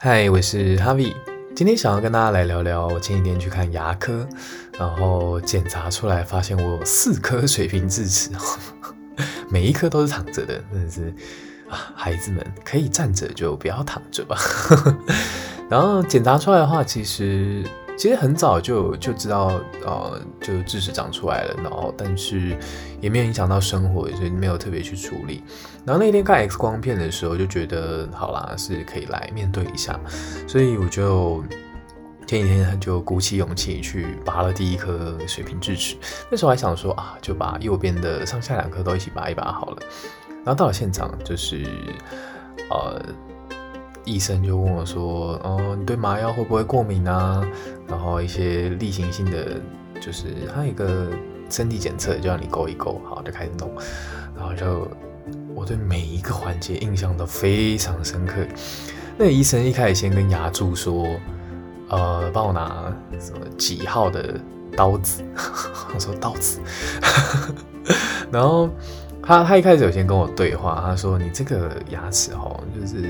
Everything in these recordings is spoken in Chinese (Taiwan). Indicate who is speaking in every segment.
Speaker 1: 嗨，Hi, 我是 Harvie，今天想要跟大家來聊聊，我前幾天去看牙科，然後檢查出來發現我有四顆水平智齒， 每一顆都是躺着的，真的是啊！孩子們可以站着就不要躺着吧。 然後檢查出來的話，其實。其實很早就就知道，呃，就智齒長出來了，然後但是也沒有影響到生活，所以沒有特別去處理。然後那天看 X 光片的時候，就覺得好啦，是可以來面對一下，所以我就前幾天就鼓起勇氣去拔了第一顆水平智齒。那時候還想說啊，就把右邊的上下兩顆都一起拔一拔好了。然後到了現場就是，呃。醫生就問我說：“哦、呃，你對麻藥會不會過敏啊？”然後一些例行性的，就是還有一個身體檢測，就讓你勾一勾，好，就開始弄。然後就我對每一個環節印象都非常深刻。那個、醫生一開始先跟牙柱說：“呃，幫我拿什麼幾號的刀子？”他 說：“刀子。 ”然後。他他一開始有先跟我對話，他說：“你這個牙齒吼，就是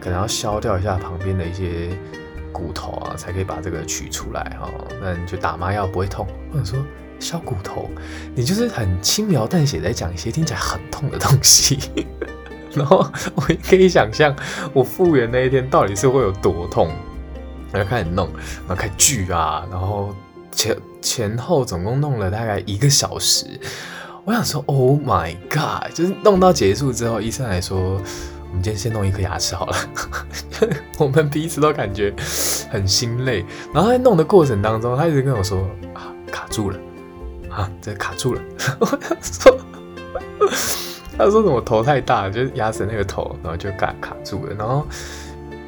Speaker 1: 可能要削掉一下旁邊的一些骨頭啊，才可以把這個取出來哈。那你就打麻藥不會痛。”或者說削骨頭，你就是很輕描淡寫在講一些聽起來很痛的東西， 然後我可以想象我復原那一天到底是會有多痛。然後開始弄，然後開鋸啊，然後前前後總共弄了大概一個小時。我想說，Oh my God！就是弄到結束之後，醫生還說：“我們今天先弄一顆牙齒好了。 ”我們彼此都感覺很心累。然後在弄的過程當中，他一直跟我說：“啊，卡住了！啊，這卡住了！” 我想說：“他說什麼頭太大，就牙齒那個頭，然後就卡住了。”然後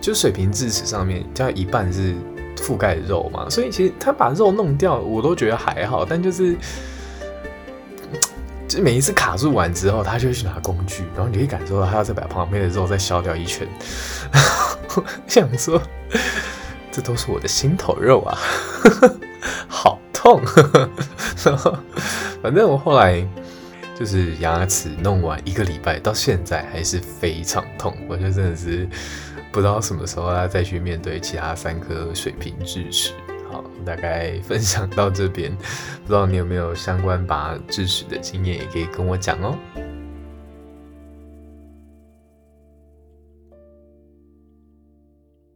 Speaker 1: 就水平智齒上面，這樣一半是覆蓋肉嘛，所以其實他把肉弄掉，我都覺得還好，但就是。就是每一次卡住完之後，他就會去拿工具，然後你可以感受到他要再把旁邊的肉再削掉一圈。然後我想說，這都是我的心頭肉啊， 好痛。 然後，反正我後來就是牙齒弄完一個禮拜，到現在還是非常痛。我就真的是不知道什麼時候要再去面對其他三顆水平智齒。大概分享到這邊，不知道你有沒有相關拔智齒的經驗，也可以跟我講哦。